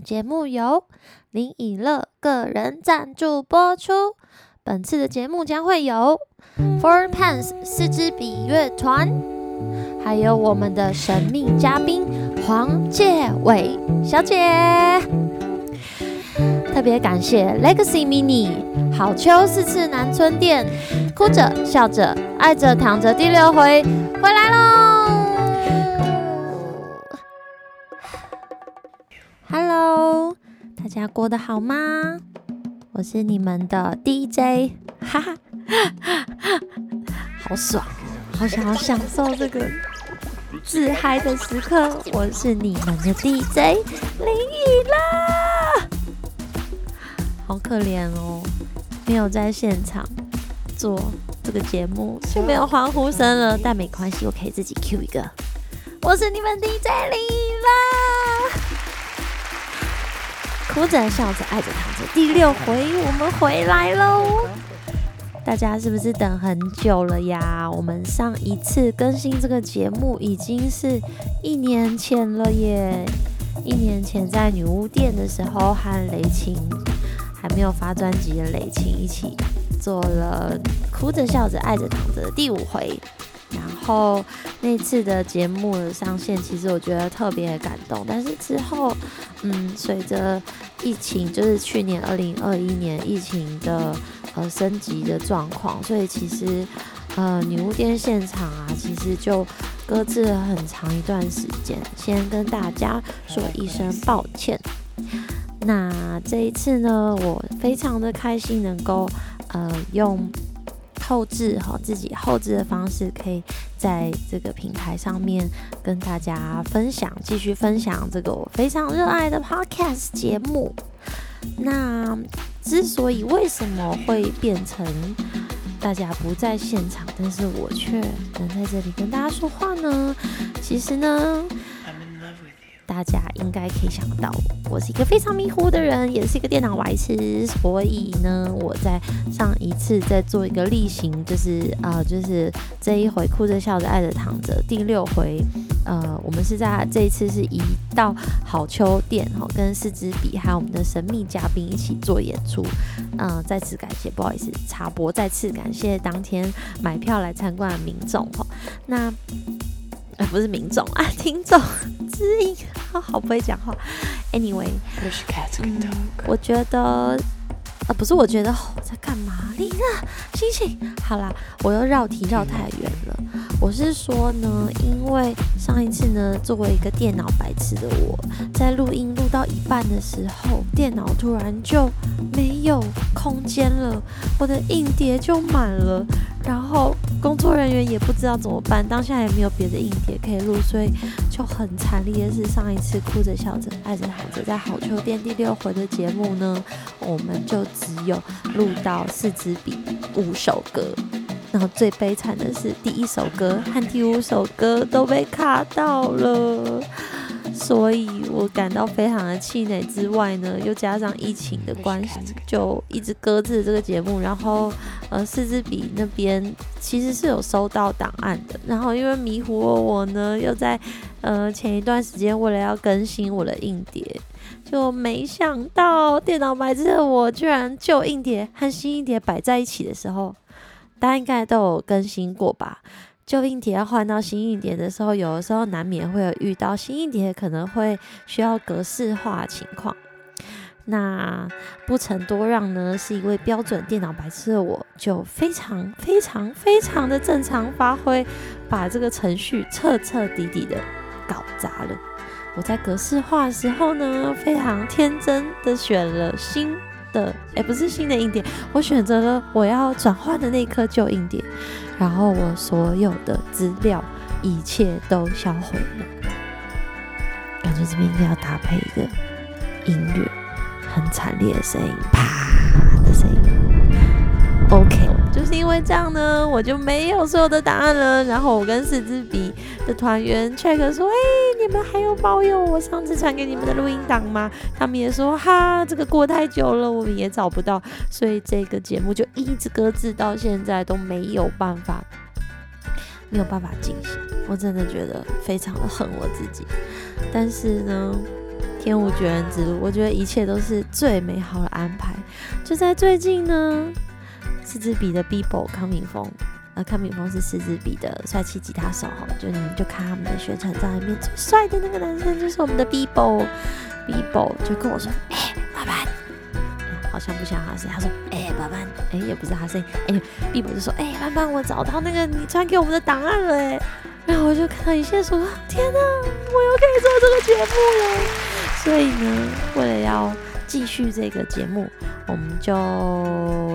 節目由林以樂個人贊助播出。本次的節目將會有 Four Pen 四枝筆樂團，還有我們的神秘嘉賓黃介偉小姐。特別感謝 Legacy Mini、好丘四四南村店，哭着笑着愛着躺着第六回回來嘍！Hello，大家過得好嗎？我是你們的 DJ，哈哈，好爽，好想要享受這個自嗨的時刻。我是你們的 DJ 林以樂，好可憐哦，沒有在現場做這個節目就沒有歡呼聲了，但沒關係，我可以自己 cue 一個。我是你們 DJ 林以樂。哭着笑着愛着躺着第六回我們回來嘍！大家是不是等很久了呀？我們上一次更新這個節目已經是一年前了耶！一年前在女巫店的時候，和雷擎還沒有發專輯的雷擎一起做了《哭着笑着愛着躺着》第五回，然後那次的節目的上線，其實我覺得特別感動。但是之後，嗯，隨着疫情就是去年二零二一年疫情的呃升級的狀況，所以其實呃女巫店現場啊，其實就擱置了很長一段時間，先跟大家說一聲抱歉。那這一次呢，我非常的開心能夠呃用。後製哈，自己後製的方式可以在這個平台上面跟大家分享，繼續分享這個我非常熱愛的 podcast 節目。那之所以為什麼會變成大家不在現場，但是我卻能在這裡跟大家說話呢？其實呢。大家應該可以想到，我是一個非常迷糊的人，也是一個電腦白痴，所以呢，我在上一次在做一個例行，就是呃，就是這一回哭着笑着愛着躺着第六回，呃，我們是在這一次是移到好丘店、哦、跟四枝筆還有我們的神秘嘉賓一起做演出，嗯、呃，再次感謝，不好意思，插播，再次感謝當天買票來參觀的民眾、哦、那。呃、不是民眾啊，聽眾之一啊，好，不會講話。Anyway，我覺得啊，不是，我覺得，、呃、我覺得吼在幹嘛呢？靈啊，星星。好啦，我又繞題繞太遠了。我是說呢，因為上一次呢，作為一個電腦白痴的我，在錄音錄到一半的時候，電腦突然就沒有空間了，我的硬碟就滿了。然後工作人員也不知道怎麼辦，當下也沒有別的硬碟可以錄，所以就很慘烈的是，上一次哭着笑着愛着躺著在好丘第六回的節目呢，我們就只有錄到四支筆五首歌，然後最悲慘的是第一首歌和第五首歌都被卡到了。所以我感到非常的氣餒之外呢，又加上疫情的關係，就一直擱置這個節目。然後，呃，四枝筆那邊其實是有收到檔案的。然後，因為迷糊我呢，又在呃前一段時間為了要更新我的硬碟，就沒想到電腦白痴的我居然舊硬碟和新硬碟擺在一起的時候，大家應該都有更新過吧？舊硬碟要換到新硬碟的時候，有的時候難免會有遇到新硬碟可能會需要格式化情況。那不遑多讓呢，是一位標準電腦白痴的我，就非常非常非常的正常發揮，把這個程序徹徹底底的搞砸了。我在格式化的時候呢，非常天真的選了新。的也不是新的硬碟，我選擇了我要轉換的那一顆舊硬碟，然後我所有的資料一切都銷毀了。感覺這邊應該要搭配一個音樂，很慘烈的聲音，啪的聲音。OK，就是因為這樣呢，我就沒有所有的答案了。然後我跟四枝筆的團員 check 說：“哎、欸，你們還有保佑我上次傳給你們的錄音檔嗎？”他們也說：“哈，這個過太久了，我們也找不到，所以這個節目就一直擱置到現在都沒有辦法，沒有辦法進行。我真的覺得非常的恨我自己。但是呢，天無絕人之路，我覺得一切都是最美好的安排。就在最近呢，四枝筆的 people 康明峰。”呃，康銘峰是四枝筆的帥氣吉他手吼，就就看他們的宣傳照裡面最帥的那個男生就是我們的 Bebo，Bebo 就跟我說，哎、欸，爸爸、嗯，好像不像他聲音，他說，哎、欸，爸爸，哎、欸，也不是他聲音，哎、欸、，Bebo 就說，哎、欸，爸爸，我找到那個你傳給我們的檔案了、欸，哎，然後我就看到一些說，天哪，我又可以做這個節目了，所以呢，為了要。繼續這個節目，我們就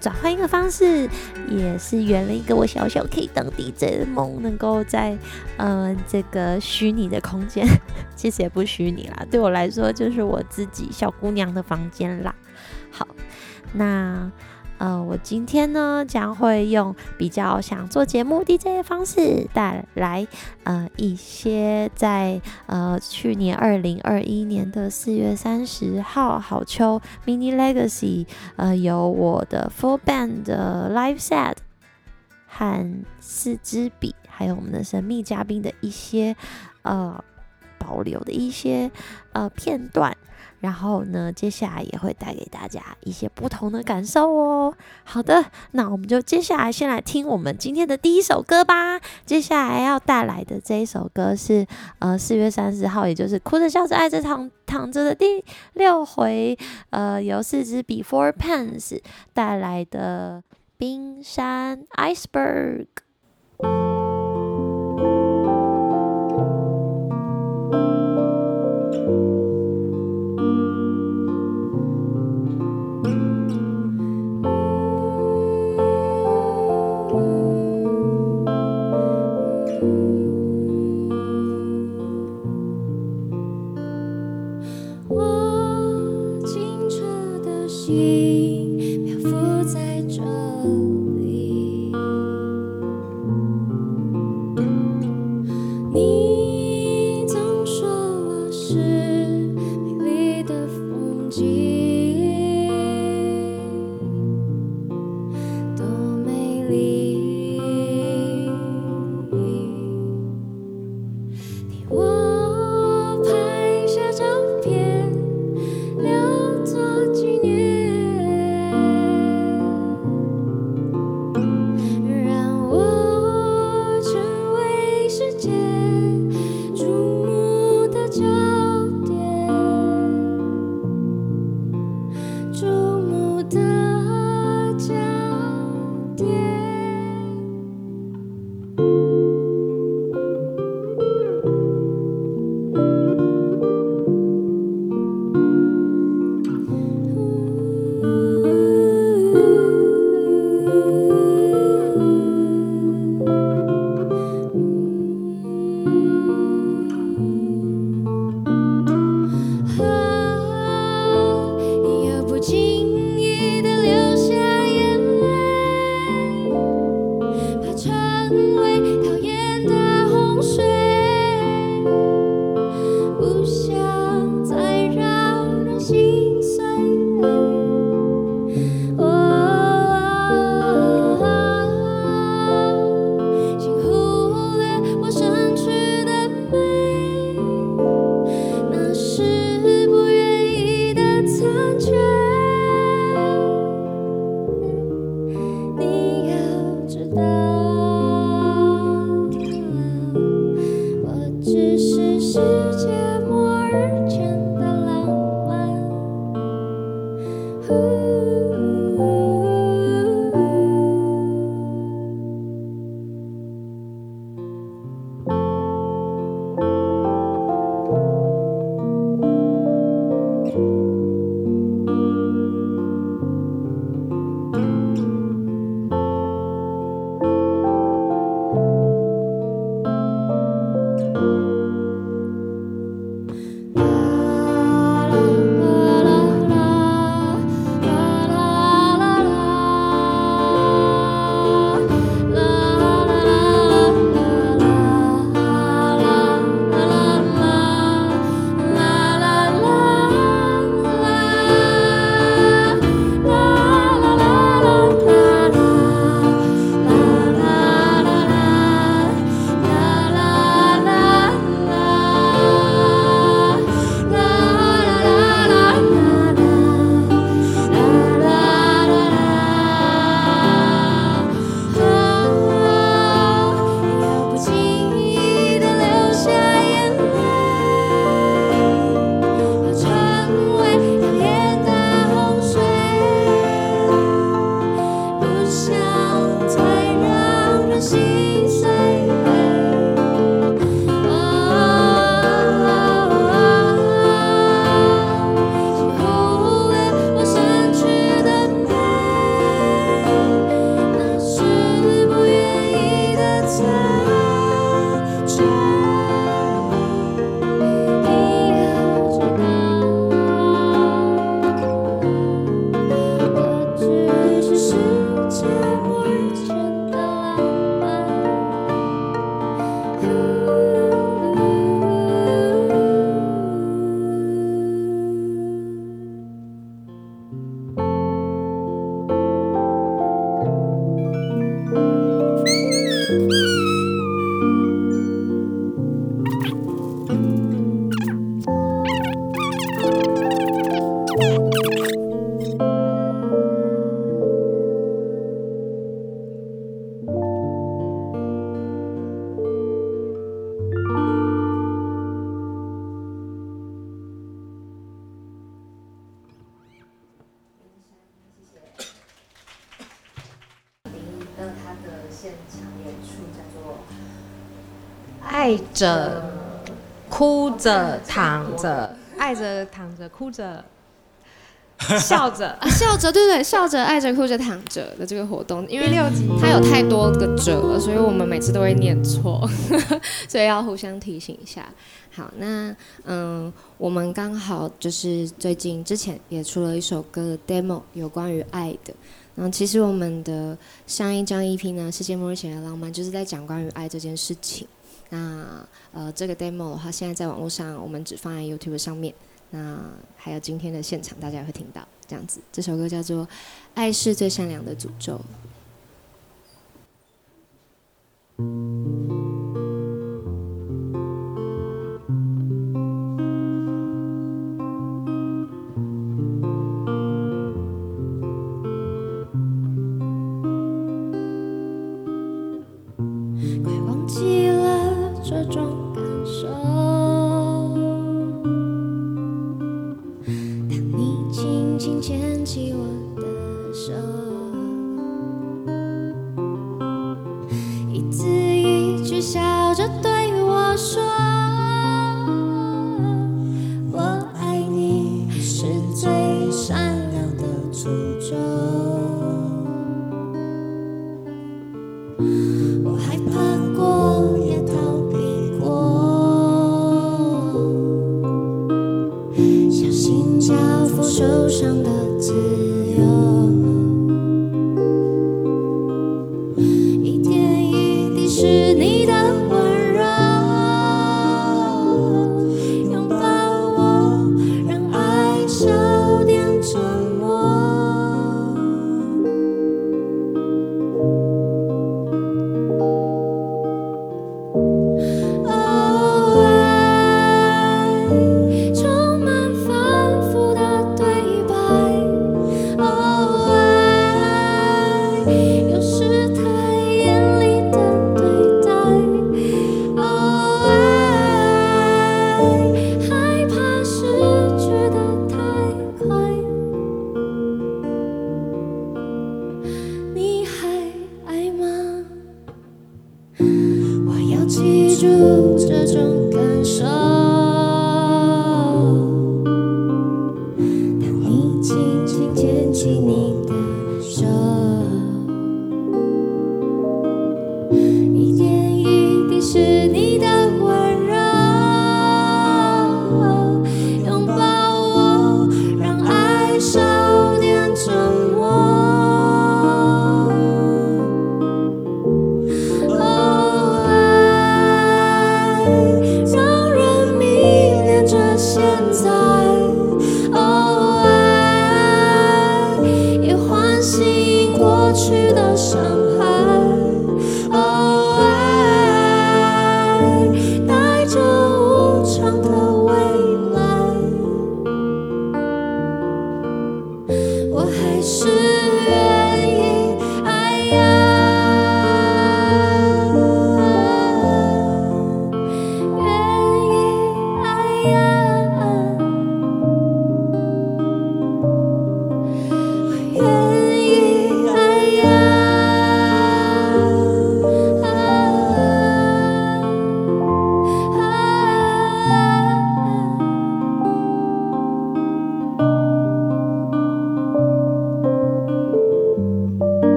轉換一個方式，也是圓了一個我小小可以當 DJ 的夢，能夠在嗯、呃、這個虛擬的空間，其實也不虛擬啦，對我來說就是我自己小姑娘的房間啦。好，那。呃，我今天呢，將會用比較想做節目 DJ 的方式帶來呃一些在呃去年二零二一年的四月三十號好丘 Mini Legacy 呃有我的 full band 的 live set 和四枝筆還有我們的神秘嘉賓的一些呃保留的一些呃片段。然後呢，接下來也會帶給大家一些不同的感受哦。好的，那我們就接下來先來聽我們今天的第一首歌吧。接下來要帶來的這一首歌是呃四月三十號，也就是《哭着笑着愛着躺躺着》的第六回，呃由四枝筆 Four Pen 帶來的《冰山》（Iceberg）。着，哭着，躺着，愛着，躺着，哭着，笑着、 啊，笑着，對不對？笑着，愛着，哭着，躺着的這個活動，因為六級它有太多個折，所以我們每次都會念錯， 所以要互相提醒一下。好，那嗯，我們剛好就是最近之前也出了一首歌 demo，有關於愛的。然後其實我們的上一張 EP 呢，《世界末日前的浪漫》，就是在講關於愛這件事情。那呃，這個 demo 的話，現在在網絡上我們只放在 YouTube 上面。那還有今天的現場，大家也會聽到這樣子。這首歌叫做《愛是最善良的詛咒》。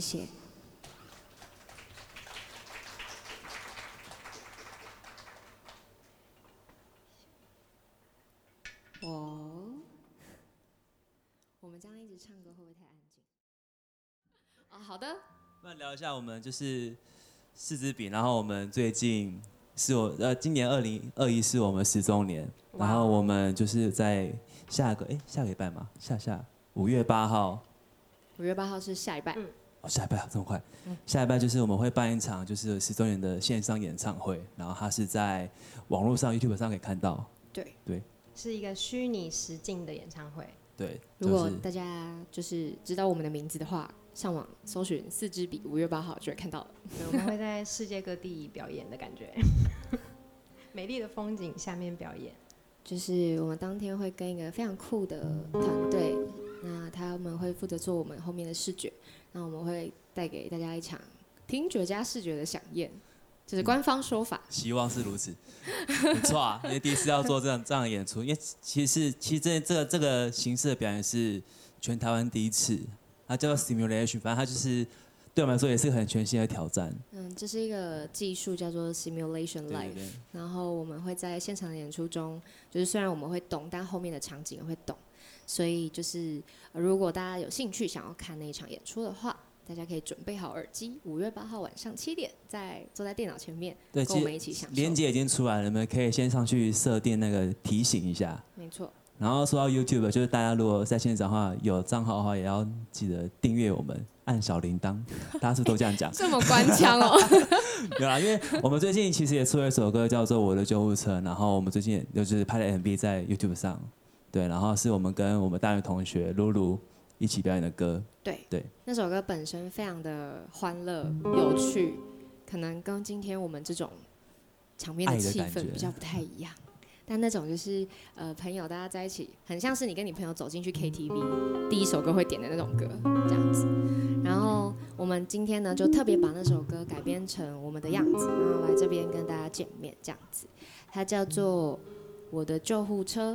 謝謝。哦，我們這樣一直唱歌會不會太安靜？啊，好的。那聊一下，我們就是四枝筆，然後我們最近是我呃，今年二零二一是我們十周年，然後我們就是在下個哎，下個禮拜嗎？下下五月八號，嗯。五月八號是下禮拜。嗯下一半，啊、這麼快，下一半，就是我們會辦一場就是十週年的線上演唱會，然後它是在網絡上 YouTube 上可以看到。對對，對是一個虛擬實境的演唱會。對，就是、如果大家就是知道我們的名字的話，上網搜尋“四支筆”，五月八號就會看到了。我們會在世界各地表演的感覺， 美麗的風景下面表演，就是我們當天會跟一個非常酷的團隊。那他們會負責做我們後面的視覺，那我們會帶給大家一場聽覺加視覺的饗宴，就是官方說法。嗯，希望是如此，沒錯啊，因為第一次要做這樣這樣的演出，因為其實其實這這個、這個形式的表演是全台灣第一次，它叫做 simulation，反正它就是對我們來說也是很全新的挑戰。嗯，這是一個技術叫做 simulation life，對對對，然後我們會在現場的演出中，就是雖然我們會懂，但後面的場景也會懂。所以就是、呃，如果大家有興趣想要看那一場演出的話，大家可以準備好耳機。五月八號晚上七點，在坐在電腦前面，對跟我們一起想。鏈接已經出來了，你們可以先上去設定那個提醒一下。沒錯錯。然後說到 YouTube，就是大家如果在現場的話有賬號的話，也要記得訂閱我們，按小鈴鐺。大家是，是都這樣講、 欸？這麼官腔哦。有啦， 因為我們最近其實也出了一首歌叫做《我的救護車》，然後我們最近也就是拍了 MV 在 YouTube 上。對，然後是我們跟我們大學同學露露一起表演的歌。對，對，那首歌本身非常的歡樂有趣，可能跟今天我們這種場面的氣氛比較不太一樣。但那種就是呃朋友大家在一起，很像是你跟你朋友走進去 KTV，第一首歌會點的那種歌這樣子。然後我們今天呢就特別把那首歌改編成我們的樣子，然後來這邊跟大家見面這樣子。它叫做《我的救護車》。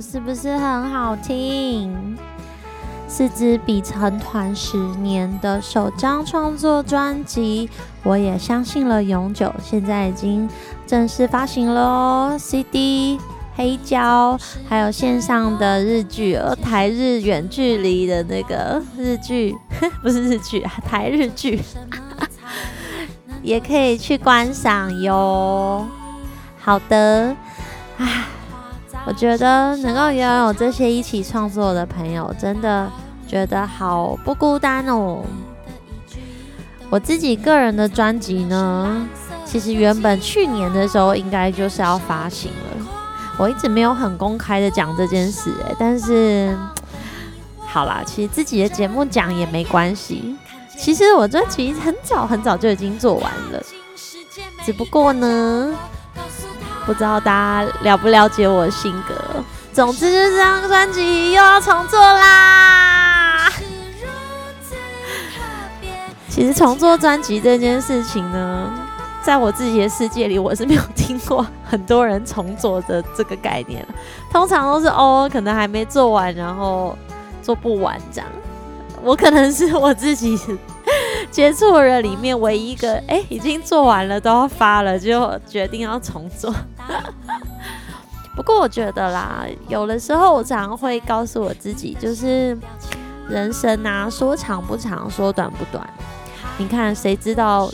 是不是很好聽？四枝筆成團十年的首張創作專輯，我也相信了永久，現在已經正式發行嘍！CD 黑膠，還有線上的日劇哦，台日遠距離的那個日劇，不是日劇、啊，台日劇也可以去觀賞喲。好的，啊。我覺得能夠擁有這些一起創作的朋友，真的覺得好不孤單哦。我自己個人的專輯呢，其實原本去年的時候應該就是要發行了，我一直沒有很公開的講這件事。誒。但是好啦，其實自己的節目講也沒關係。其實我專輯很早很早就已經做完了，只不過呢。不知道大家了不了解我的性格。總之，這張專輯又要重做啦。其實重做專輯這件事情呢，在我自己的世界裡，我是沒有聽過很多人重做的這個概念。通常都是哦，可能還沒做完，然後做不完這樣。我可能是我自己接觸的人，裡面唯一一個誒、欸、已經做完了都要發了，就決定要重做。 不過我覺得啦，有的時候我常會告訴我自己，就是人生啊，說長不長，說短不短。你看，誰知道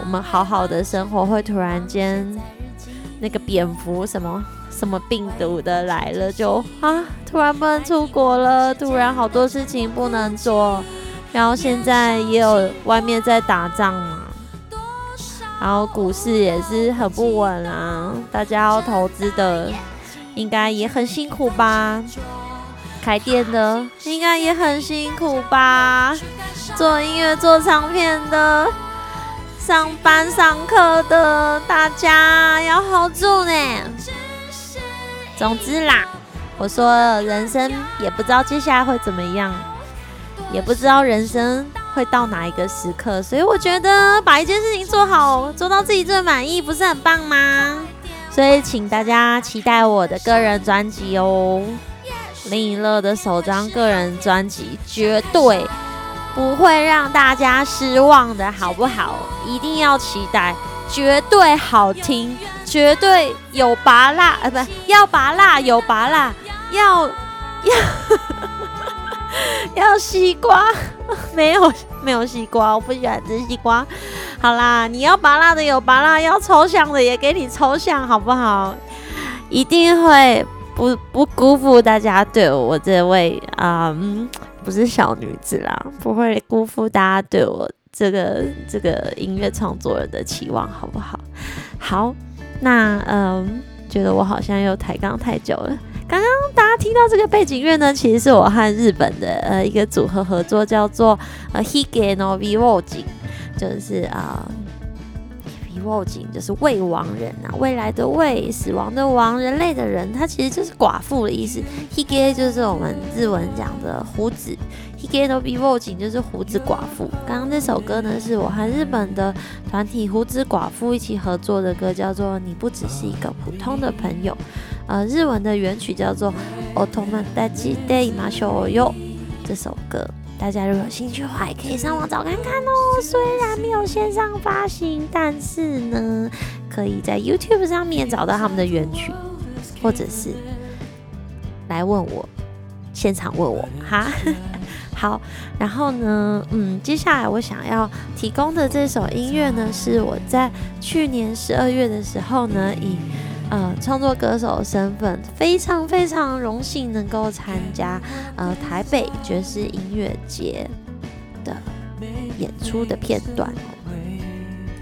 我們好好的生活會突然間那個蝙蝠什麼什麼病毒的來了就，就啊，突然不能出國了，突然好多事情不能做。然後現在也有外面在打仗嘛，然後股市也是很不穩啊，大家要投資的應該也很辛苦吧，開店的應該也很辛苦吧，做音樂做唱片的，上班上課的，大家要 hold 住呢。總之啦，我說人生也不知道接下來會怎麼樣。也不知道人生會到哪一個時刻，所以我覺得把一件事情做好，做到自己最滿意，不是很棒嗎？所以請大家期待我的個人專輯哦，林以樂的首張個人專輯絕對不會讓大家失望的，好不好？一定要期待，絕對好聽，絕對有芭樂。呃，不要芭樂，有芭樂，要要。 要西瓜？ 沒有，沒有西瓜，我不喜歡吃西瓜。好啦，你要芭樂的有芭樂，要抽象的也給你抽象，好不好？一定會不不辜負大家對我這位啊、嗯，不是小女子啦，不會辜負大家對我這個這個音樂創作人的期望，好不好？好，那嗯，覺得我好像又抬槓太久了。剛剛大家聽到這個背景樂呢，其實是我和日本的呃一個組合合作，叫做呃 Hige no 未亡人就是啊未亡人就是未亡人啊，未來的未，死亡的亡，人類的人，他其實就是寡婦的意思。Hige 就是我們日文講的鬍子。TikTok Be Boing 就是鬍子寡婦。剛剛這首歌呢，是我和日本的團體鬍子寡婦一起合作的歌，叫做《你不只是一個普通的朋友》。呃，日文的原曲叫做《Otomodachi de imashou yo》。這首歌大家如果有興趣的話，也可以上網找看看哦。雖然沒有線上發行，但是呢，可以在 YouTube 上面找到他們的原曲，或者是來問我，現場問我哈。好，然後呢，嗯，接下來我想要提供的這首音樂呢，是我在去年十二月的時候呢，以呃創作歌手的身份，非常非常榮幸能夠參加呃台北爵士音樂節的演出的片段。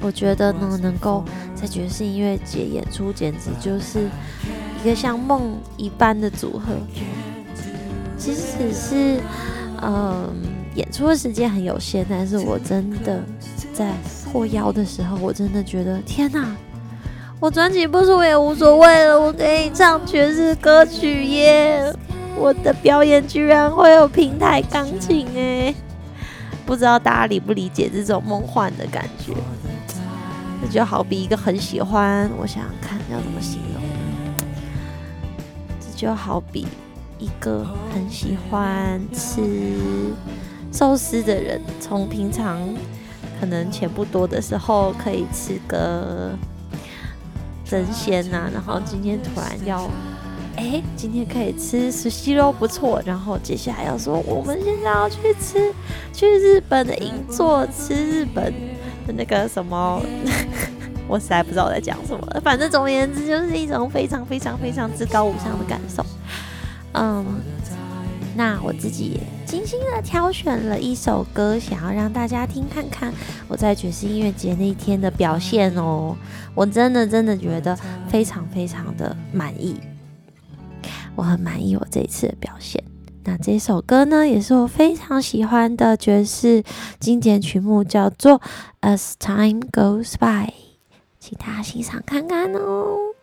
我覺得呢，能夠在爵士音樂節演出，簡直就是一個像夢一般的組合，即使是。嗯，演出的時間很有限，但是我真的在獲邀的時候，我真的覺得天哪、啊！我專輯不出我也無所謂了，我可以唱爵士歌曲耶、yeah！我的表演居然會有平台鋼琴誒。不知道大家理不理解這種夢幻的感覺？這就好比一個很喜歡，我想想看要怎麼形容。這就好比。一個很喜歡吃壽司的人，從平常可能錢不多的時候可以吃個爭鮮吶、啊，然後今天突然要，哎、欸，今天可以吃壽司郎不錯，然後接下來要說我們現在要去吃去日本的銀座吃日本的那個什麼， 我實在不知道我在講什麼，反正總而言之就是一種非常非常非常至高無上的感受。嗯，um, 那我自己也精心的挑選了一首歌，想要讓大家聽看看我在爵士音樂節那一天的表現哦。我真的真的覺得非常非常的滿意，我很滿意我這一次的表現。那這首歌呢，也是我非常喜歡的爵士經典曲目，叫做《As Time Goes By》，請大家欣賞看看哦。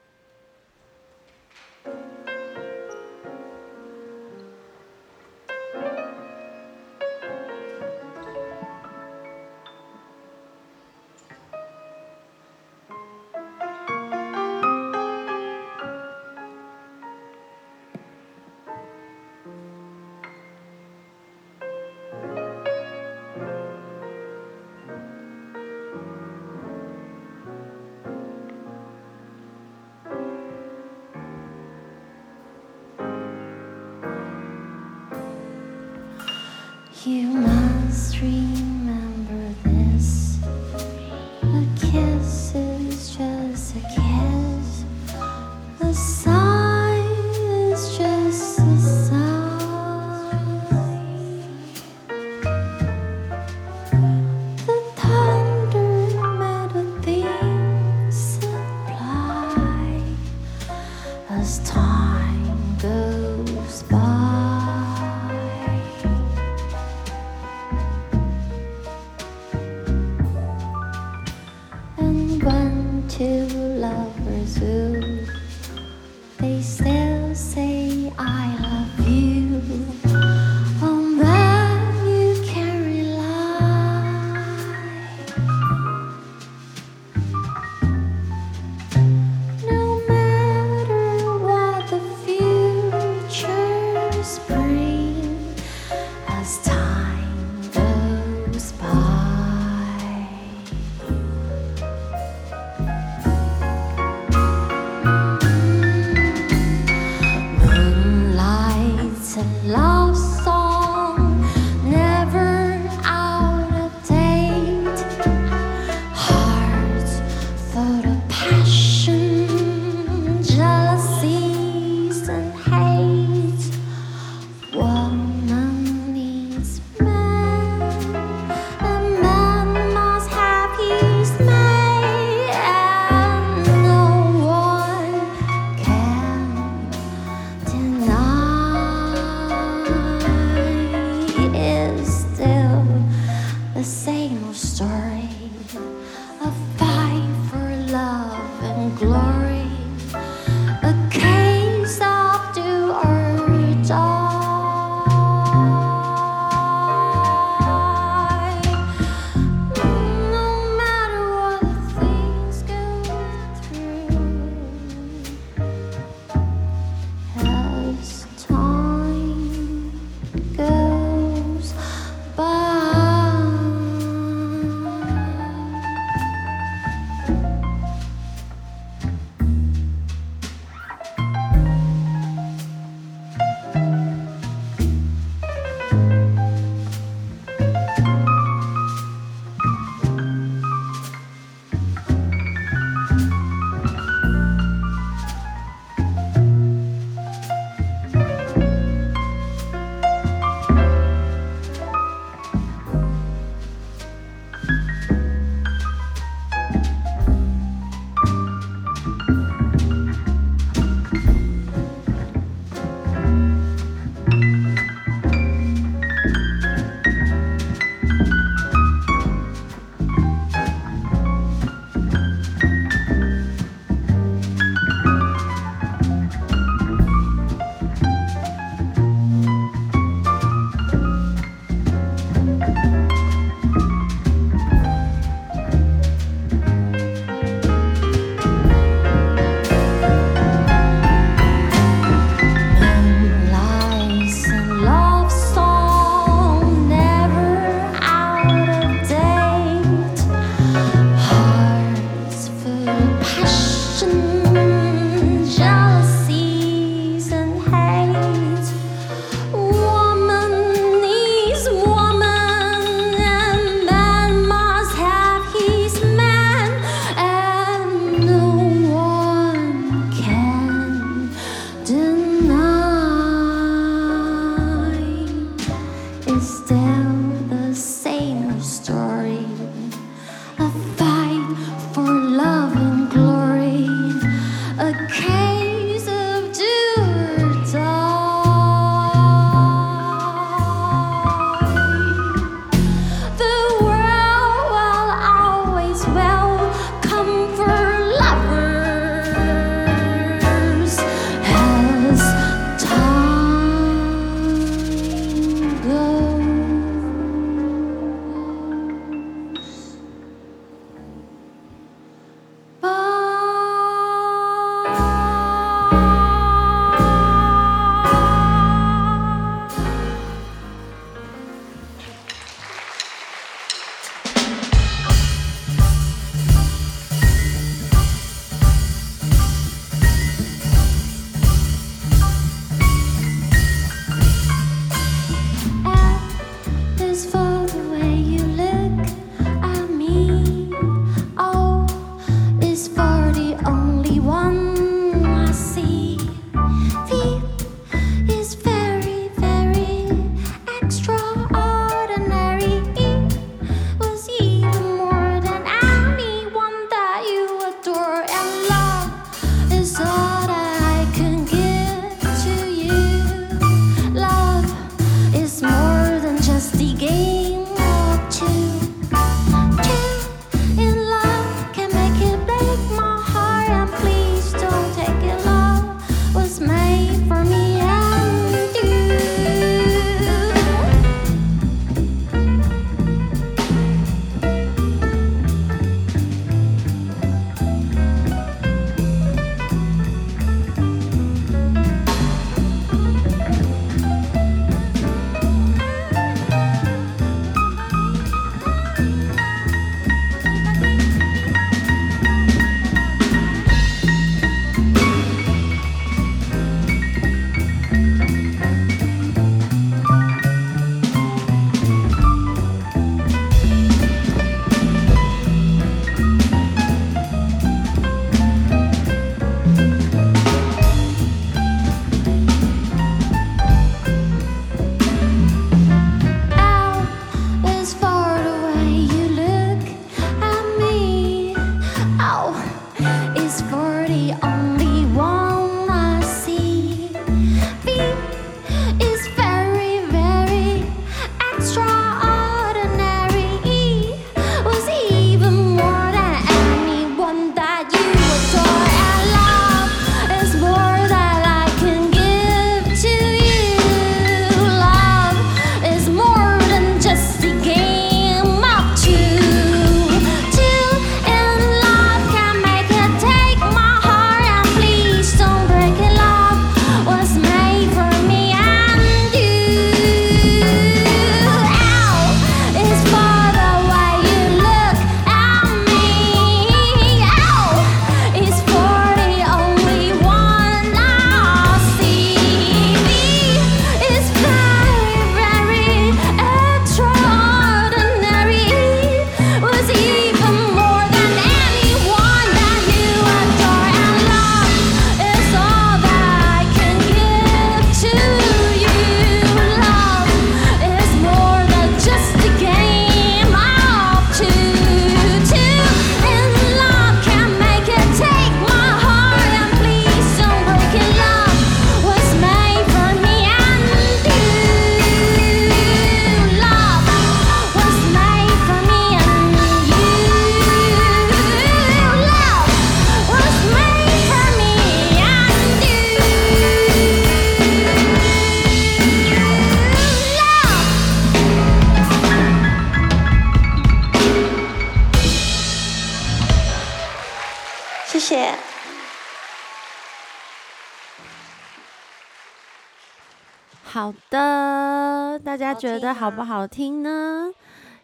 好的，大家覺得好不好聽呢？聽啊、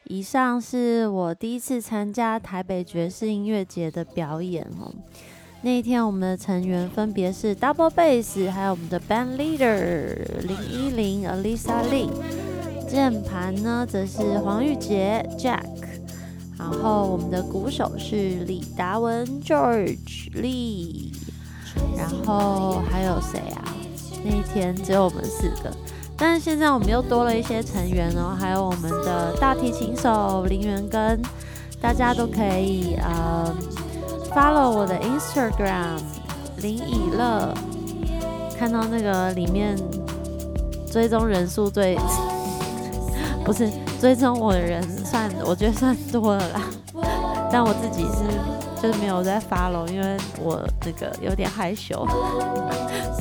以上是我第一次參加台北爵士音樂節的表演哦。那一天，我們的成員分別是 double bass，還有我們的 band leader 林依玲 Alisa Lee。鍵盤呢，則是黃玉杰 Jack。然後我們的鼓手是李達文 George Lee。然後還有誰啊？那一天只有我們四個，但是現在我們又多了一些成員哦，還有我們的大提琴手林元根，大家都可以呃，follow 我的 Instagram 林以樂，看到那個裡面追蹤人數最不是追蹤我的人算，我覺得算多了啦，但我自己是。就是沒有在 follow，因為我這個有點害羞，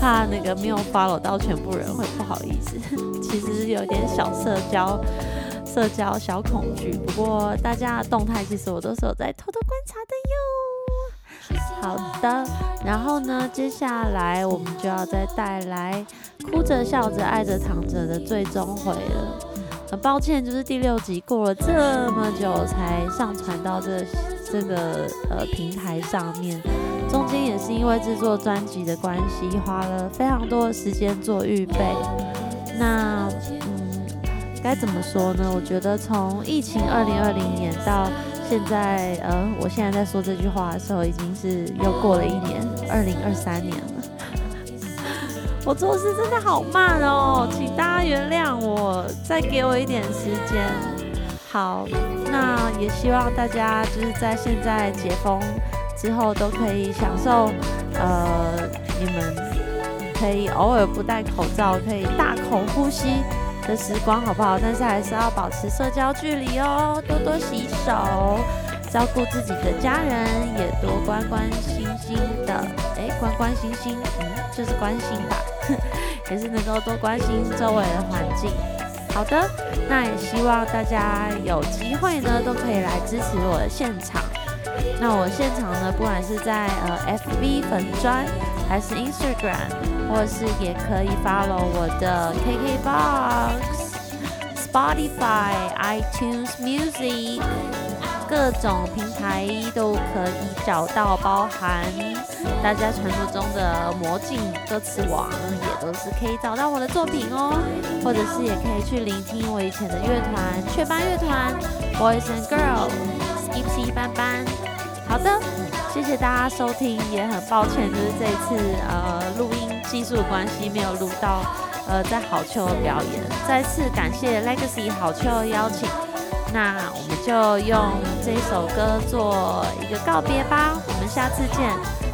怕那個沒有 follow 到全部人會不好意思。其實有點小社交，社交小恐懼。不過大家動態其實我都是有在偷偷觀察的喲。好的，然後呢，接下來我們就要再帶來哭着笑着愛着躺着的最終回了。很抱歉，就是第六集過了這麼久才上傳到這個。這個呃平台上面，中間也是因為製作專輯的關係，花了非常多的時間做預備。那嗯，該怎麼說呢？我覺得從疫情二零二零年到現在，呃，我現在在說這句話的時候，已經是又過了一年，二零二三年了。 我做事真的好慢哦，請大家原諒我，再給我一點時間。好，那也希望大家就是在現在解封之後，都可以享受呃，你們可以偶爾不戴口罩，可以大口呼吸的時光，好不好？但是還是要保持社交距離哦，多多洗手，照顧自己的家人，也多關關心心的，哎、欸，關關心心，嗯，就是關心吧，也是能夠多關心周圍的環境。好的，那也希望大家有機會呢，都可以來支持我的現場。那我現場呢，不管是在呃 FB 粉專，還是 Instagram，或者是也可以 follow 我的 KKBOX、Spotify、iTunes Music，各種平台都可以找到，包含，大家傳說中的魔鏡歌詞網，也都是可以找到我的作品哦、喔，或者是也可以去聆聽我以前的樂團雀斑樂團 Boys and Girls，Skip Skip Ben Ben。好的，謝謝大家收聽，也很抱歉，就是這一次呃錄音技術的關係沒有錄到呃在好丘的表演。再次感謝 Legacy 好丘的邀請，那我們就用這一首歌做一個告別吧，我們下次見。